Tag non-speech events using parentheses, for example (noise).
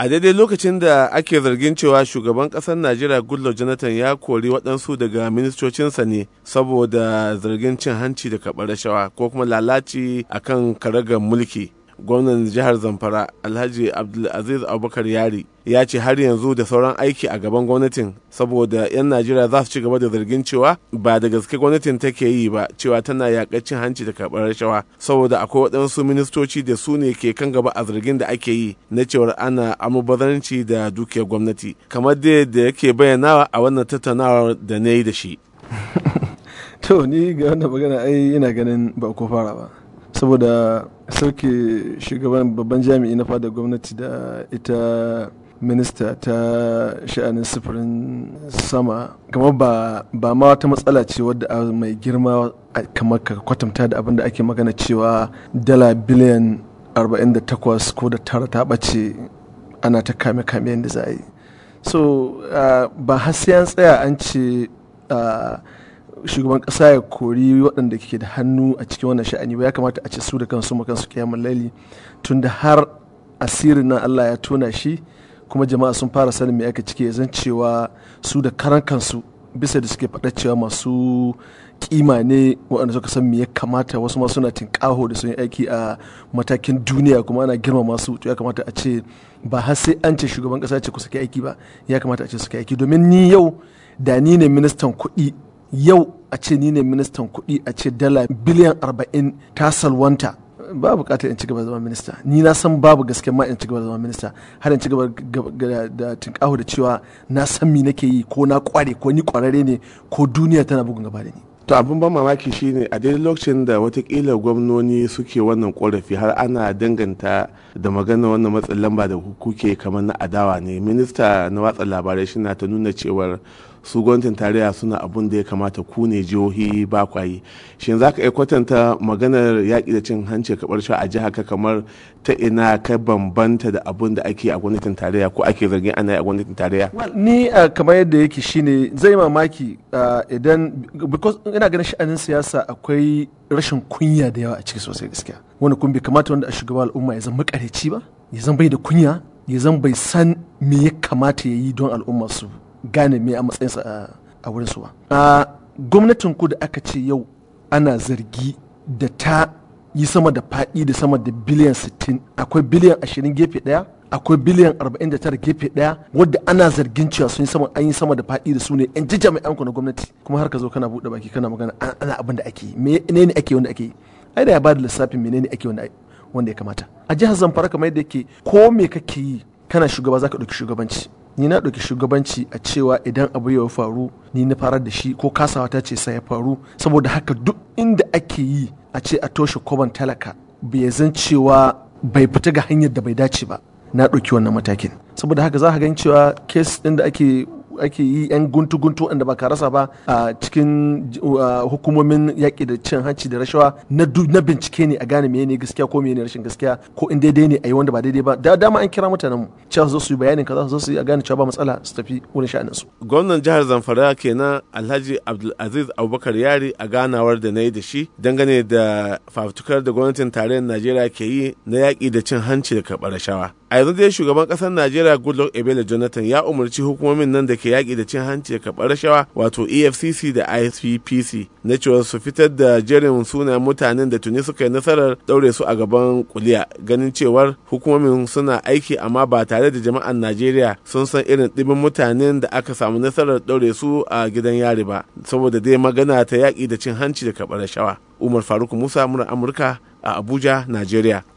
a daidai lokacin da ake zargin cewa shugaban kasar najeriya goodluck jonathan ya kori waɗansu daga ministocinsa ne saboda zargin cin hanci da kaɓar rashawa ko kuma lalaci akan karagar mulki gwamnan jihar zamfara alhaji abdulaziz abubakar yari ya ce har yanzu da sauran aiki a gaban gwamnatin saboda 'yan najeriya za su ci gaba da zargin cewa ba da gaske gwamnatin take yi ba cewa tana yakacin cin hanci da karɓar rashawa saboda akwai waɗansu ministoci da su ne ke kan gaba a zargin da ake yi na cewar ana amubazanci da dukiyar gwamnati kamar dai da yake bayyanawa a wannan tattaunawar da na yi da shi (laughs) to ni ga wannan magana ai ina ganin ba ko fara ba saboda sauke shugaban babban jami'i na fadar gwamnati da ita minista ta sha'anin sufurin sama kamar ba, ma wata matsala ce wadda mai girma kamar ka kwatanta da abin da ake magana cewa dala biliyan 48 ko da tara ta ɓace ana ta kame kame yadda za a yi so uh, ba har sai an tsaya an ce uh, shugaban kasa ya kori waɗanda ke da hannu a cikin wannan sha'ani ba ya kamata a ce su da kansu ma kansu kiyamun laili tun da har asirin nan Allah ya tona shi kuma jama'a sun fara sanin me aka cike zan cewa su da karan kansu bisa da suke faɗa cewa masu kima ne waɗanda suka san me ya kamata wasu ma suna tinƙaho da sun yi aiki a matakin duniya kuma ana girmama su ya kamata a ce ba har sai an ce shugaban kasa ce ku suke aiki ba ya kamata a ce suke aiki domin ni yau da ni ne ministan kuɗi yau a ce ni ne ministan kuɗi a ce dala biliyan arba'in ta salwanta ba bukatar in ci gaba zama minista ni na san babu gaske ma in ci gaba zama minista har in ci gaba da tinkaho da cewa na san mi nake yi ko na kware ko ni kwararre ne ko duniya tana bugun gaba da ni to abin ban mamaki shine a daidai lokacin da watakila gwamnoni suke wannan korafi har ana danganta da magana wannan matsin lamba da kuke kamar na adawa ne minista na watsa labarai shi na ta nuna cewar su gwamnatin tarayya suna abun da ya kamata ku ne jihohi ba kwayi shin za ka iya kwatanta maganar yaƙi da cin hanci ka sha a jiha ka kamar ta ina ka bambanta da abun da ake a gwamnatin tarayya ko ake zargin ana a gwamnatin tarayya ni uh, kamar yadda yake shine zai mamaki uh, idan because ina ganin sha'anin siyasa akwai rashin kunya da yawa a ciki sosai gaskiya wani kun bai kamata wanda a shugaba al'umma ya zama makareci ba ya zama bai da kunya ya zan bai san me ya kamata ya yi don su. gane me a matsayinsa a wurin su ba a gwamnatin ku da aka ce yau ana zargi da ta yi sama da faɗi da sama da biliyan 60 akwai biliyan 20 gefe daya. akwai biliyan 49 gefe daya. wadda ana zargin cewa sun yi sama an yi sama da fadi da su ne yan jami'an ku na gwamnati kuma har ka zo kana buɗe baki kana magana ana abin da ake yi menene ake wanda ake yi ai da ya bada lissafin menene ake wanda ya kamata a jihar zamfara kamar yadda yake ko me kake yi kana shugaba zaka ɗauki shugabanci ni na ɗauki shugabanci a cewa idan abu ya faru ni na fara da shi ko kasawa ta ce sai ya faru saboda haka duk inda ake yi a ce a toshe koban talaka bai zan cewa bai fita ga hanyar da bai dace ba na ɗauki wannan matakin saboda haka za ka gan cewa kes ɗin da ake ake yi yan guntu-guntu wanda ba ka rasa ba a cikin hukumomin yaƙi da cin hanci da rashawa na bincike ne a gane mene gaskiya ko mene rashin gaskiya ko in daidai ne a yi wanda ba daidai ba da dama an kira mutanen mu cewa su zo su yi bayanin kaza su su yi a gane cewa ba matsala su tafi wurin sha'anin su. Gwamnan jihar Zamfara kenan Alhaji Abdulaziz Abubakar Yari a ganawar da na yi da shi dangane da fafutukar da gwamnatin tarayyar Najeriya ke yi na yaƙi da cin hanci da karɓar rashawa. a yanzu dai shugaban kasar najeriya goodluck ebele jonathan ya umarci hukumomin nan da ke yaƙi da cin hanci da karɓar rashawa wato efcc da ispc na cewa su fitar da jerin suna mutanen da tuni suka yi nasarar ɗaure su a gaban kuliya ganin cewar hukumomin suna aiki amma ba tare da jama'an najeriya sun san irin ɗimin mutanen da aka samu nasarar ɗaure su a gidan yari ba saboda dai magana ta yaƙi da cin hanci da karɓar rashawa umar faruk musa mura amurka a abuja najeriya